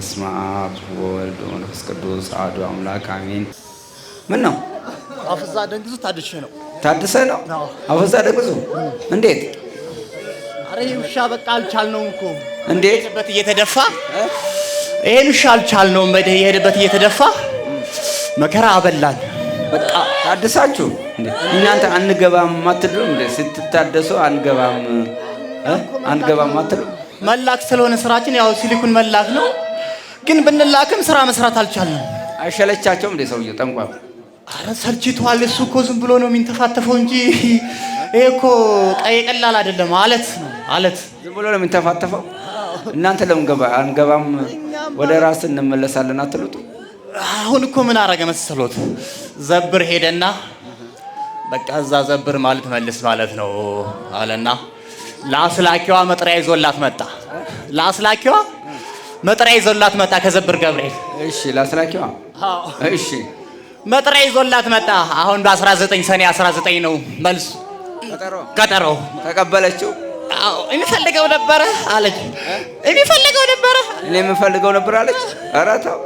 በስመ አብ ወወልድ ወመንፈስ ቅዱስ አሐዱ አምላክ አሜን። ምን ነው አፈዛ ደንግዙ ታድሼ ነው ታድሰ ነው አፈዛ ደንግዙ እንዴት? አረ ውሻ በቃ አልቻልነውም እኮ እንዴት በት እየተደፋ ይሄን ውሻ አልቻልነውም። በደ የሄደበት እየተደፋ መከራ አበላል። በቃ ታድሳችሁ እናንተ አንገባም አትሉ ስትታደሱ አንገባም አንገባም አትሉ መላክ ስለሆነ ስራችን ያው ሲሊኩን መላክ ነው። ግን ብንላክም ስራ መስራት አልቻለም። አይሸለቻቸውም እንደ ሰውዬው ጠንቋ። አረ ሰልችቷል። እሱ እኮ ዝም ብሎ ነው የሚንተፋተፈው እንጂ ይሄ እኮ ቀይ ቀላል አይደለም። አለት ነው አለት። ዝም ብሎ ነው የሚንተፋተፈው። እናንተ ለምን ገባ አንገባም ወደ ራስ እንመለሳለን አትሉጡ? አሁን እኮ ምን አረገ መሰሎት? ዘብር ሄደና በቃ እዛ ዘብር ማለት መልስ ማለት ነው አለና ለአስላኪዋ መጥሪያ ይዞላት መጣ። ለአስላኪዋ መጥሪያ ይዞላት መጣ። ከዘብር ገብርኤል እሺ፣ ላስላኪዋ እሺ፣ መጥሪያ ይዞላት መጣ። አሁን በ19 ሰኔ 19 ነው መልሱ ቀጠሮ። ተቀበለችው። የሚፈልገው ነበረ አለች። የሚፈልገው ነበረ እኔ የምፈልገው ነበር አለች። ኧረ ተው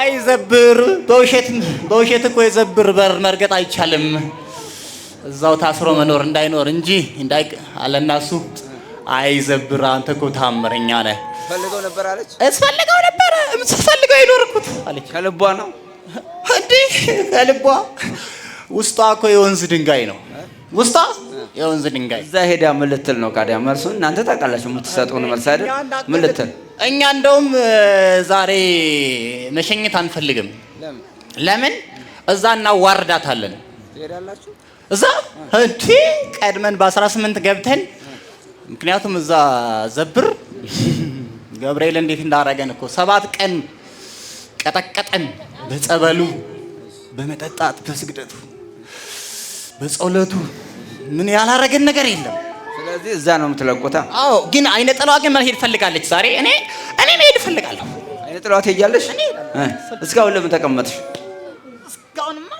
አይ ዘብር፣ በውሸት በውሸት እኮ የዘብር በር መርገጥ አይቻልም። እዛው ታስሮ መኖር እንዳይኖር እንጂ እንዳይ አለና እሱ አይዘብር አንተ እኮ ታምረኛ ነህ። ፈልገው ነበር አለች። እስፈልገው ነበር እምስፈልገው የኖርኩት አለች። ከልቧ ነው እንዴ? ከልቧ ውስጧ እኮ የወንዝ ድንጋይ ነው። ውስጧ የወንዝ ድንጋይ እዛ ሄዳ ምን ልትል ነው? ካዲያ መልሱን እናንተ ታውቃላችሁ። የምትሰጠውን መልስ አይደል? ምን ልትል እኛ እንደውም ዛሬ መሸኘት አንፈልግም። ለምን? እዛ እናዋርዳታለን። ትሄዳላችሁ እዛ እንዴ? ቀድመን በ18 ገብተን ምክንያቱም እዛ ዘብር ገብርኤል እንዴት እንዳረገን እኮ ሰባት ቀን ቀጠቀጠን በጸበሉ በመጠጣት በስግደቱ በጸሎቱ ምን ያላረገን ነገር የለም። ስለዚህ እዛ ነው የምትለቁታ? አዎ፣ ግን አይነ ጥላዋ ግን መሄድ ፈልጋለች። ዛሬ እኔ እኔ መሄድ ፈልጋለሁ። አይነ ጥላዋ ትሄጃለሽ? እስካሁን ለምን ተቀመጥሽ? እስካሁን ማ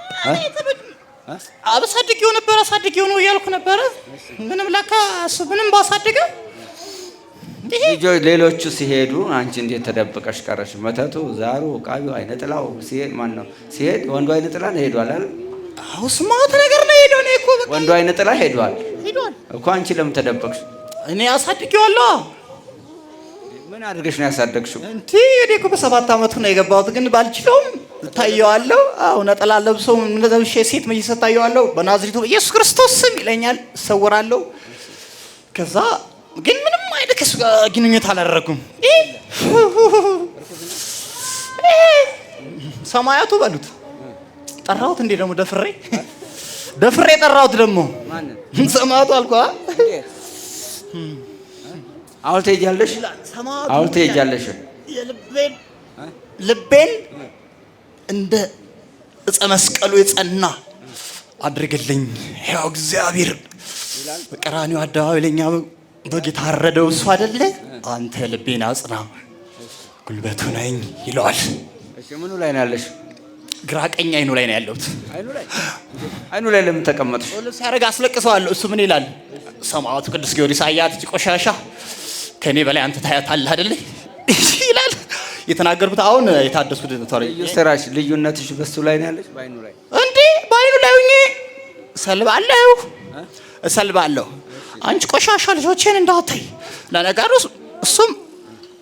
አሳድጌው ነበር አሳድጌው ነው እያልኩ ነበረ። ምንም ለካ እሱ ምንም ባሳድገ ሌሎቹ ሲሄዱ አንቺ እንዴት ተደብቀሽ ቀረሽ? መተቱ፣ ዛሩ፣ ቃቢው፣ አይነጥላው ሲሄድ ማን ነው ሲሄድ? ወንዱ አይነጥላ ነው ሄዷል አይደል? አዎ ስማት ነገር ነው ሄዶ ነው እኮ በቃ ወንዱ አይነጥላ ሄዷል ሄዷል እኮ። አንቺ ለምን ተደበቅሽ? እኔ አሳድጌዋለሁ። ምን አድርገሽ ነው ያሳደግሽው? እንቲ እኔ እኮ በሰባት አመቱ ነው የገባሁት፣ ግን ባልችለውም እታየዋለሁ። አዎ ነጠላ ለብሶ ለብሼ ሴት መይሰ እታየዋለሁ። በናዝሪቱ ኢየሱስ ክርስቶስ ስም ይለኛል፣ እሰወራለሁ። ከዛ ግን ምንም አይነት ከሱ ጋር ግንኙነት አላደረጉም። ሰማያቱ በሉት ጠራሁት። እንዴ ደግሞ ደፍሬ ደፍሬ ጠራሁት። ደግሞ ሰማያቱ አልኳ አሁን ትሄጃለሽ፣ አሁን ትሄጃለሽ ልቤን እንደ እፀ መስቀሉ የጸና አድርግልኝ ያው እግዚአብሔር በቀራኒው አደባባይ ለኛ በግ የታረደው እሱ አይደለ? አንተ ልቤን አጽና ጉልበቱ ነኝ ይለዋል። ምኑ ላይ ነው ያለሽ? ግራ ቀኝ አይኑ ላይ ነው ያለሁት። አይኑ ላይ ለምን ተቀመጥሽ? ልብስ ያደረግ አስለቅሰዋለሁ። እሱ ምን ይላል? ሰማዕቱ ቅዱስ ጊዮርጊስ አያት ቆሻሻ ከእኔ በላይ አንተ ታያታለህ አይደለ? ይላል የተናገርኩት አሁን የታደስኩት ስራሽ ልዩነትሽ በሱ ላይ ነው ያለች በአይኑ ላይ እንዴ በአይኑ ላይ ሁኜ እሰልባለሁ እሰልባለሁ አንቺ ቆሻሻ ልጆቼን እንዳታይ ለነገሩ እሱም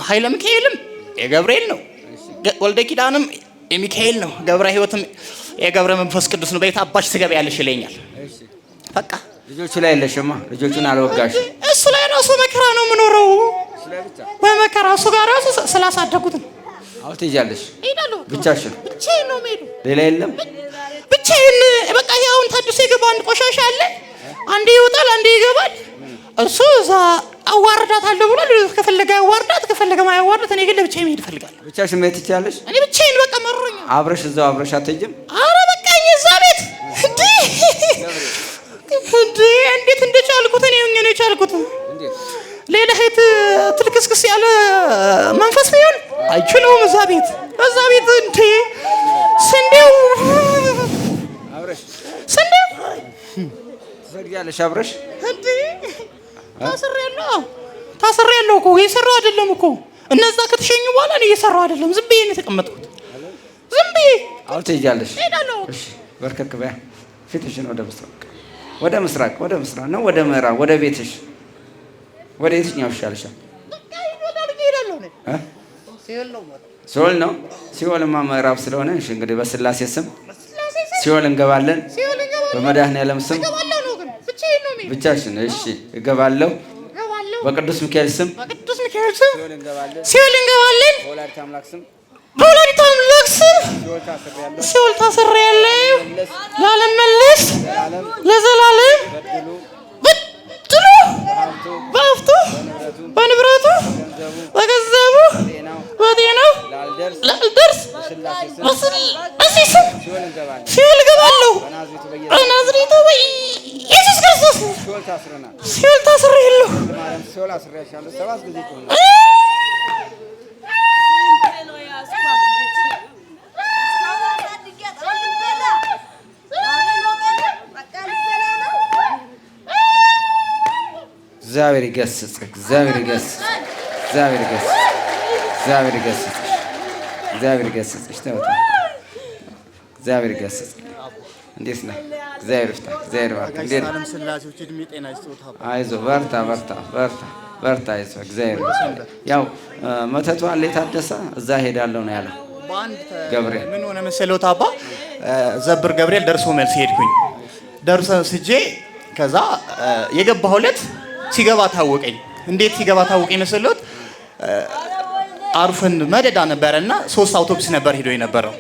ኃይለ ሚካኤልም የገብርኤል ነው ወልደ ኪዳንም የሚካኤል ነው ገብረ ህይወትም የገብረ መንፈስ ቅዱስ ነው በየት አባሽ ትገቢያለሽ ይለኛል በቃ ልጆቹ ላይ የለሽማ ልጆቹን አልወጋሽ እሱ ላይ ራሱ መከራ ነው የምኖረው በመከራ እሱ ጋር ራሱ ስላሳደጉት ነው አዎ ትሄጃለሽ። እሄዳለሁ። ብቻሽን? ብቻዬን ነው የምሄደው። ሌላ የለም። ብቻዬን በቃ። ይሄ አሁን ታድሶ የገባው አንድ ቆሻሻ አለ። አንዴ ይወጣል፣ አንዴ ይገባል። እሱ እዛ አለ ብሎ ከፈለገ ያዋርዳት፣ ከፈለገ ማያዋርዳት። እኔ ግን ለብቻዬን መሄድ እፈልጋለሁ። ብቻሽን መሄድ ትችያለሽ? እኔ ብቻዬን በቃ መሮኝ። አብረሽ እዛው አብረሽ አትሄጂም? ኧረ በቃኝ እዛ ቤት እንዴ እንዴ እንዴት እንደቻልኩት እኔ ሆኜ ነው የቻልኩት። ሌላ ሄት ትልክስክስ ያለ መንፈስ ነው አይችለውም። እዛ ቤት እዛ ቤት እንዴ ስንዴው አብረሽ ስንዴው ዘግያለሽ አብረሽ እንዴ ታስሬያለሁ ታስሬያለሁ እኮ የሰራው አይደለም እኮ እነዛ ከተሸኙ በኋላ ነው የሰራው አይደለም። ዝም ብዬ ነው የተቀመጥኩት። ዝም ብዬ አሁን ትሄጃለሽ። ሄዳለሁ። እሺ በርከክ በያ ፊትሽን ወደ ምስራቅ ወደ ምስራቅ ወደ ምስራቅ ነው ወደ ምዕራብ ወደ ቤትሽ ወደ የትኛው ይሻልሻል? ሲኦል ነው። ሲኦልማ ምዕራብ ስለሆነ እንግዲህ በስላሴ ስም ሲኦል እንገባለን። በመድኃኔዓለም ስም ብቻችን እሺ፣ እገባለሁ። በቅዱስ ሚካኤል ስም ሲኦል እንገባለን። በወላዲተ አምላክ ስም ሲኦል ታስሬያለሁ። ላለመለስ ለዘላለም በድሉ በሀብቱ በንብረቱ ስደርስ በዚህ ስም ሲኦል እገባለሁ። በናዝሬቱ በኢየሱስ ክርስቶስ ሲኦል ታስሬ እግዚአብሔር ይገስጽ። እግዚአብሔር ይገስጽ። እግዚአብሔር ይገስጽ። እግዚአብሔር ይገስጽ። እግዚአብሔር ገስጽሽ። ተውታ እግዚአብሔር ገስጽ። እንዴት ነህ? እግዚአብሔር ይፍታ። እግዚአብሔር ባርክ። እንዴት ነህ? አይዞህ፣ በርታ፣ በርታ፣ በርታ፣ በርታ። አይዞህ፣ እግዚአብሔር ያው መተቷ አለ የታደሰ እዛ ሄዳለሁ ነው ያለው ገብርኤል። ምን ሆነ መሰለዎት አባ ዘብር ገብርኤል ደርሶ መልስ ሄድኩኝ። ደርሶ ስጄ ከዛ የገባሁለት ሲገባ ታወቀኝ። እንዴት ሲገባ ታወቀኝ መሰለውት አርፈን መደዳ ነበረና ሶስት አውቶቡስ ነበር ሄዶ የነበረው።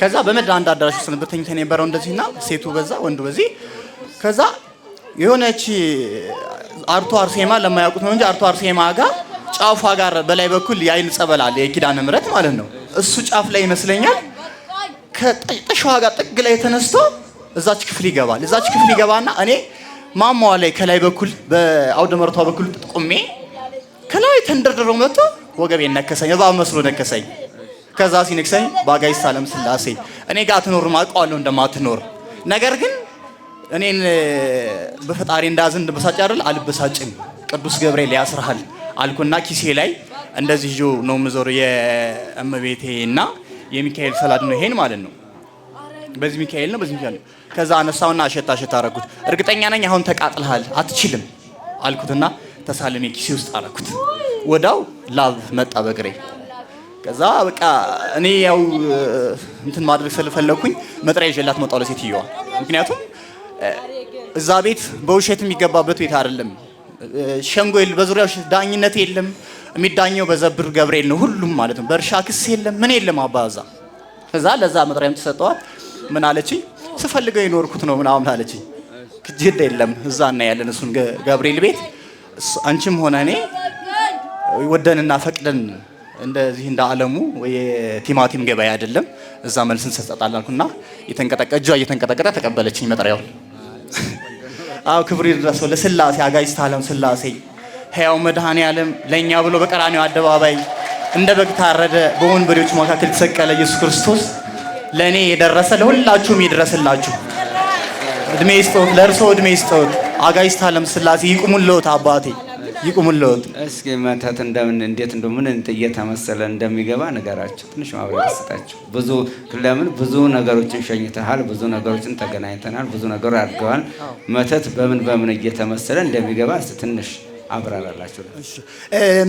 ከዛ በመደዳ አንድ አዳራሽ ውስጥ ነበር ተኝተን የነበረው እንደዚህና ሴቱ በዛ ወንዱ በዚህ። ከዛ የሆነች አርቶ አርሴማ ለማያውቁት ነው እንጂ አርቶ አርሴማ ጋር ጫፏ ጋር በላይ በኩል የአይን ጸበላል የኪዳነ ምሕረት ማለት ነው። እሱ ጫፍ ላይ ይመስለኛል ከጠሻዋ ጋር ጥግ ላይ ተነስቶ እዛች ክፍል ይገባል። እዛች ክፍል ይገባና እኔ ማማዋ ላይ ከላይ በኩል በአውደ መረቷ በኩል ጥቁሜ ከላይ ተንደርድረው መጥቶ ወገቤን ነከሰኝ፣ እባብ መስሎ ነከሰኝ። ከዛ ሲነክሰኝ ባጋይ ሳለም ስላሴ እኔ ጋር አትኖርም አውቀዋለሁ እንደማትኖር ነገር ግን እኔን በፈጣሪ እንዳዝን እንድበሳጭ አይደል አልበሳጭም። ቅዱስ ገብርኤል ያስርሃል አልኩና ኪሴ ላይ እንደዚህ ጆ ነው ምዞር የእመቤቴ እና የሚካኤል ሰላድ ነው ይሄን ማለት ነው። በዚህ ሚካኤል ነው በዚህ ሚካኤል ነው። ከዛ አነሳውና አሸታ አሸታ አረኩት። እርግጠኛ ነኝ አሁን ተቃጥልሃል አትችልም አልኩትና ተሳልሜ ኪሴ ውስጥ አረኩት። ወዳው ላብ መጣ በግሬ ከዛ በቃ እኔ ያው እንትን ማድረግ ስለፈለኩኝ መጥሪያ ይዤላት መጣሁ ለሴትዮዋ። ምክንያቱም እዛ ቤት በውሸት የሚገባበት ቤት አይደለም። ሸንጎ የለም፣ በዙሪያው ዳኝነት የለም። የሚዳኘው በዘብር ገብርኤል ነው ሁሉም ማለት ነው። በእርሻ ክስ የለም፣ ምን የለም አባዛ። ከዛ ለዛ መጥሪያም ተሰጠዋት። ምን አለችኝ? ስፈልገው የኖርኩት ነው ምናምን አለችኝ። ግድ የለም እዛ እናያለን እሱን ገብርኤል ቤት አንቺም ሆነ እኔ ወደንና ፈቅደን እንደዚህ እንደ ዓለሙ የቲማቲም ገበያ አይደለም። እዛ መልስ እንሰጣጣለን አልኩና የተንቀጠቀ እጇ እየተንቀጠቀጠ ተቀበለችኝ መጠሪያውን። አዎ ክብር ይድረሰው ለስላሴ አጋዕዝተ ዓለም ስላሴ ሕያው መድኃኔ ዓለም ለእኛ ብሎ በቀራኔው አደባባይ እንደ በግ ታረደ፣ በወንበዴዎች መካከል የተሰቀለ ኢየሱስ ክርስቶስ ለእኔ የደረሰ ለሁላችሁም ይድረስላችሁ። እድሜ ይስጠውት፣ ለእርሶ እድሜ ይስጠውት። አጋዕዝተ ዓለም ስላሴ ይቁሙልዎት አባቴ። ይቁምልዎት። እስኪ መተት እንደምን እንዴት እንደ ምን እየተመሰለ እንደሚገባ ንገራቸው። ትንሽ ማብራሪያ ስጣቸው። ብዙ ለምን ብዙ ነገሮችን ሸኝተሃል፣ ብዙ ነገሮችን ተገናኝተናል፣ ብዙ ነገር አድርገዋል። መተት በምን በምን እየተመሰለ እንደሚገባ እስኪ ትንሽ አብራራላችሁ።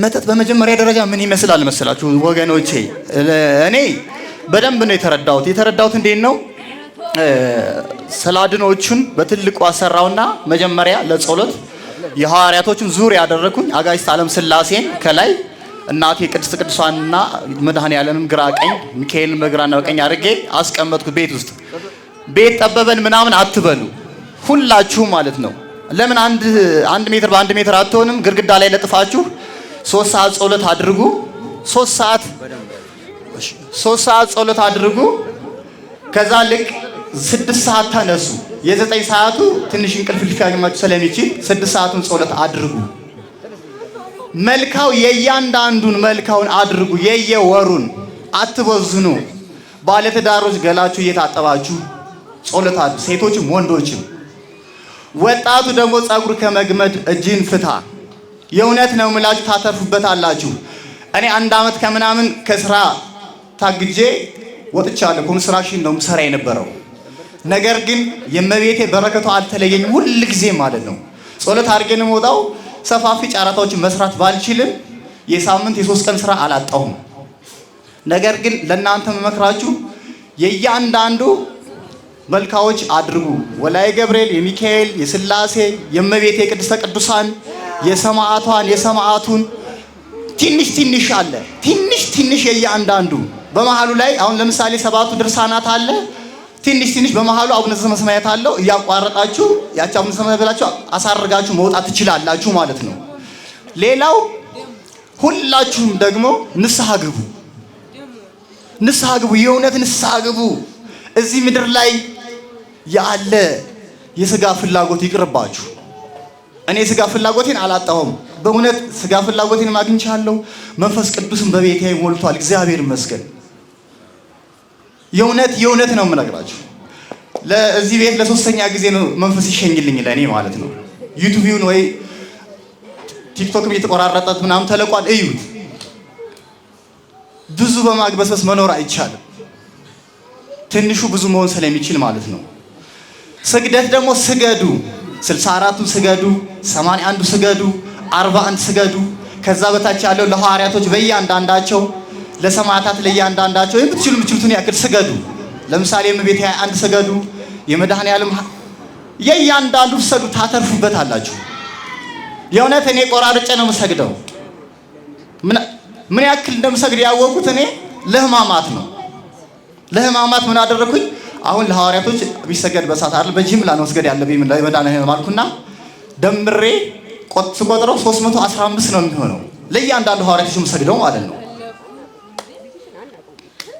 መተት በመጀመሪያ ደረጃ ምን ይመስላል መሰላችሁ ወገኖቼ? እኔ በደንብ ነው የተረዳሁት። የተረዳሁት እንዴት ነው ሰላድኖቹን በትልቁ አሰራውና መጀመሪያ ለጸሎት የሐዋርያቶችን ዙር ያደረኩኝ አጋዕዝተ ዓለም ስላሴን ከላይ እናቴ ቅድስት ቅዱሳንና መድኃኔ ዓለምን ግራ ቀኝ ሚካኤልን በግራና በቀኝ አድርጌ አስቀመጥኩት ቤት ውስጥ። ቤት ጠበበን ምናምን አትበሉ ሁላችሁ ማለት ነው። ለምን አንድ አንድ ሜትር በአንድ ሜትር አትሆንም? ግድግዳ ላይ ለጥፋችሁ ሶስት ሰዓት ጸሎት አድርጉ። ሶስት ሰዓት ሶስት ሰዓት ጸሎት አድርጉ። ከዛ ልክ ስድስት ሰዓት ተነሱ። የዘጠኝ ሰዓቱ ትንሽ እንቅልፍ ሊያገማችሁ ስለሚችል ስድስት ሰዓቱን ጸሎት አድርጉ። መልካው የእያንዳንዱን መልካውን አድርጉ። የየወሩን አትበዝኑ ባለትዳሮች ገላችሁ እየታጠባችሁ ጸሎት አድርጉ፣ ሴቶችም ወንዶችም። ወጣቱ ደግሞ ጸጉር ከመግመድ እጅን ፍታ። የእውነት ነው ምላችሁ፣ ታተርፉበታላችሁ። እኔ አንድ ዓመት ከምናምን ከስራ ታግጄ ወጥቻለሁ። ኮንስትራክሽን ነው የምሰራ የነበረው ነገር ግን የእመቤቴ በረከቷ አልተለየኝም ሁል ጊዜ ማለት ነው። ጸሎት አድርጌ ነው ሰፋፊ ጨረታዎችን መስራት ባልችልም የሳምንት የሶስት ቀን ስራ አላጣሁም። ነገር ግን ለእናንተ መመክራችሁ የእያንዳንዱ መልካዎች አድርጉ። ወላይ ገብርኤል፣ የሚካኤል፣ የስላሴ፣ የእመቤቴ ቅድስተ ቅዱሳን፣ የሰማዕቷን፣ የሰማዕቱን ትንሽ ትንሽ አለ ትንሽ ትንሽ የእያንዳንዱ በመሃሉ ላይ አሁን ለምሳሌ ሰባቱ ድርሳናት አለ ትንሽ ትንሽ በመሃሉ አቡነ ዘበሰማያት አለው እያቋረጣችሁ ያቺ አቡነ ዘበሰማያት ብላችሁ አሳርጋችሁ መውጣት ትችላላችሁ ማለት ነው። ሌላው ሁላችሁም ደግሞ ንስሐ ግቡ፣ ንስሐ ግቡ፣ የእውነት ንስሐ ግቡ። እዚህ ምድር ላይ ያለ የስጋ ፍላጎት ይቅርባችሁ። እኔ ስጋ ፍላጎቴን አላጣሁም። በእውነት ስጋ ፍላጎቴን አግኝቻለሁ። መንፈስ ቅዱስም በቤቴ ሞልቷል። እግዚአብሔር ይመስገን። የእውነት የእውነት ነው የምነግራችሁ። ለዚህ ቤት ለሶስተኛ ጊዜ ነው መንፈስ ይሸኝልኝ ለእኔ ማለት ነው። ዩቱቢውን ወይ ቲክቶክ የተቆራረጠት ምናምን ተለቋል እዩት። ብዙ በማግበስበስ መኖር አይቻልም። ትንሹ ብዙ መሆን ስለሚችል ማለት ነው። ስግደት ደግሞ ስገዱ፣ ስልሳ አራቱ ስገዱ፣ ሰማንያ አንዱ ስገዱ፣ አርባ አንድ ስገዱ። ከዛ በታች ያለው ለሐዋርያቶች በየአንዳንዳቸው ለሰማዕታት ለእያንዳንዳቸው ወይም ብትችሉ የምትችሉትን ያክል ስገዱ። ለምሳሌ እመቤት አንድ ስገዱ። የመድኃኔዓለም የእያንዳንዱ ስገዱ፣ ታተርፉበት አላችሁ። የእውነት እኔ ቆራርጬ ነው የምሰግደው። ምን ያክል እንደምሰግድ ያወቁት እኔ ለህማማት ነው። ለህማማት ምን አደረግኩኝ? አሁን ለሐዋርያቶች ቢሰገድ በሳት አይደል በጅምላ ነው ስገድ ያለብኝ መድኃኔዓለም አልኩና ደምሬ ስቆጥረው 315 ነው የሚሆነው ለእያንዳንዱ ሐዋርያቶች የምሰግደው ማለት ነው።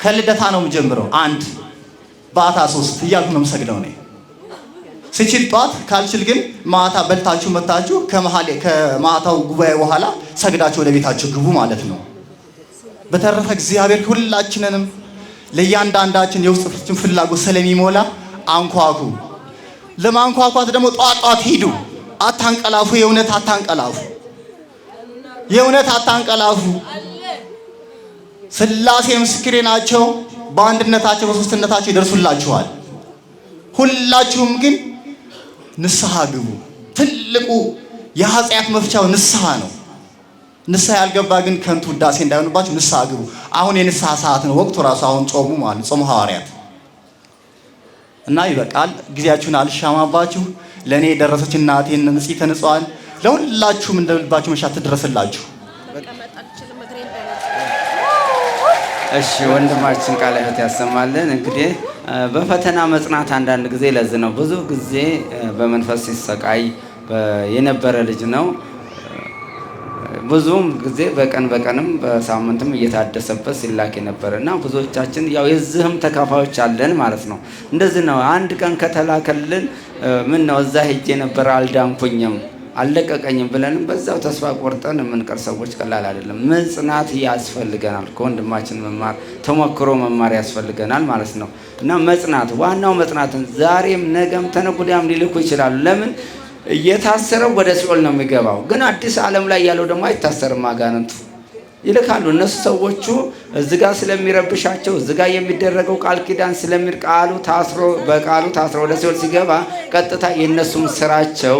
ከልደታ ነው የምጀምረው። አንድ ባታ ሶስት እያልኩ ነው የምሰግደው እኔ ስችል ጧት ካልችል ግን ማታ በልታችሁ መታችሁ ከማታው ጉባኤ በኋላ ሰግዳችሁ ወደ ቤታችሁ ግቡ ማለት ነው። በተረፈ እግዚአብሔር ሁላችንንም ለእያንዳንዳችን የውስጣችን ፍላጎት ስለሚሞላ አንኳኩ። ለማንኳኳት ደግሞ ጧት ጧት ሂዱ። አታንቀላፉ። የእውነት አታንቀላፉ። የእውነት አታንቀላፉ። ስላሴ ምስክሬ ናቸው። በአንድነታቸው በሶስትነታቸው ይደርሱላችኋል። ሁላችሁም ግን ንስሐ ግቡ። ትልቁ የኃጢአት መፍቻው ንስሐ ነው። ንስሐ ያልገባ ግን ከንቱ ውዳሴ እንዳይሆንባችሁ ንስሐ ግቡ። አሁን የንስሐ ሰዓት ነው። ወቅቱ ራሱ አሁን ጾሙ ማለት ጾሙ ሐዋርያት እና ይበቃል። ጊዜያችሁን አልሻማባችሁ። ለእኔ የደረሰች እናቴን ንጽሕተ ንጹሐን ለሁላችሁም እንደልባችሁ መሻት ትድረስላችሁ። እሺ ወንድማችን ቃለ ሕይወት ያሰማልን። እንግዲህ በፈተና መጽናት አንዳንድ ጊዜ ለዚህ ነው። ብዙ ጊዜ በመንፈስ ሲሰቃይ የነበረ ልጅ ነው። ብዙም ጊዜ በቀን በቀንም በሳምንትም እየታደሰበት ሲላክ የነበረ እና ብዙዎቻችን ያው የዚህም ተካፋዮች አለን ማለት ነው። እንደዚህ ነው። አንድ ቀን ከተላከልን ምን ነው እዛ ሄጄ የነበረ አልዳንኩኝም አልለቀቀኝም ብለንም በዛው ተስፋ ቆርጠን የምንቀር ሰዎች ቀላል አይደለም። መጽናት ያስፈልገናል። ከወንድማችን መማር ተሞክሮ መማር ያስፈልገናል ማለት ነው እና መጽናት ዋናው መጽናትን ዛሬም፣ ነገም፣ ተነጉዳም ሊልኩ ይችላሉ። ለምን እየታሰረው ወደ ሲኦል ነው የሚገባው። ግን አዲስ ዓለም ላይ ያለው ደግሞ አይታሰርም። አጋንንቱ ይልካሉ። እነሱ ሰዎቹ እዚጋ ስለሚረብሻቸው እዚጋ የሚደረገው ቃል ኪዳን ስለሚል ቃሉ ታስሮ በቃሉ ታስሮ ወደ ሲኦል ሲገባ ቀጥታ የእነሱም ስራቸው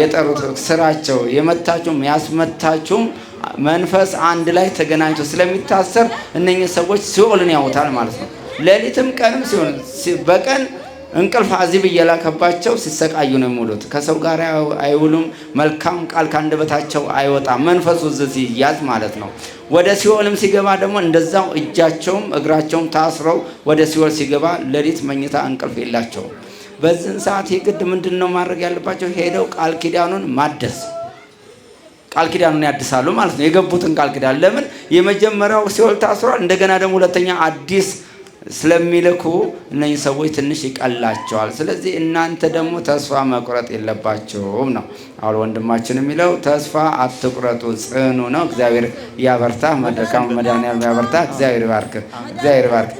የጠሩት ስራቸው የመታችሁም ያስመታችሁም መንፈስ አንድ ላይ ተገናኝቶ ስለሚታሰር እነኚህ ሰዎች ሲኦልን ያውታል ማለት ነው። ሌሊትም ቀንም ሲሆን በቀን እንቅልፍ አዚብ እየላከባቸው ሲሰቃዩ ነው የሚውሉት። ከሰው ጋር አይውሉም። መልካም ቃል ከአንደበታቸው አይወጣም። መንፈሱ እዚህ ሲያዝ ማለት ነው። ወደ ሲኦልም ሲገባ ደግሞ እንደዛው እጃቸውም እግራቸውም ታስረው ወደ ሲኦል ሲገባ ሌሊት መኝታ እንቅልፍ የላቸውም። በዚህን ሰዓት የግድ ምንድን ነው ማድረግ ያለባቸው? ሄደው ቃል ኪዳኑን ማደስ ቃል ኪዳኑን ያድሳሉ ማለት ነው። የገቡትን ቃል ኪዳን ለምን የመጀመሪያው ሲኦል ታስሯል። እንደገና ደግሞ ሁለተኛ አዲስ ስለሚልኩ እነኝህ ሰዎች ትንሽ ይቀላቸዋል። ስለዚህ እናንተ ደግሞ ተስፋ መቁረጥ የለባቸውም ነው አሁን ወንድማችን የሚለው ተስፋ አትቁረጡ፣ ጽኑ ነው። እግዚአብሔር ያበርታ። መድረካም መድኃኒዓለም ያበርታ። እግዚአብሔር ባርክ፣ እግዚአብሔር ባርክ።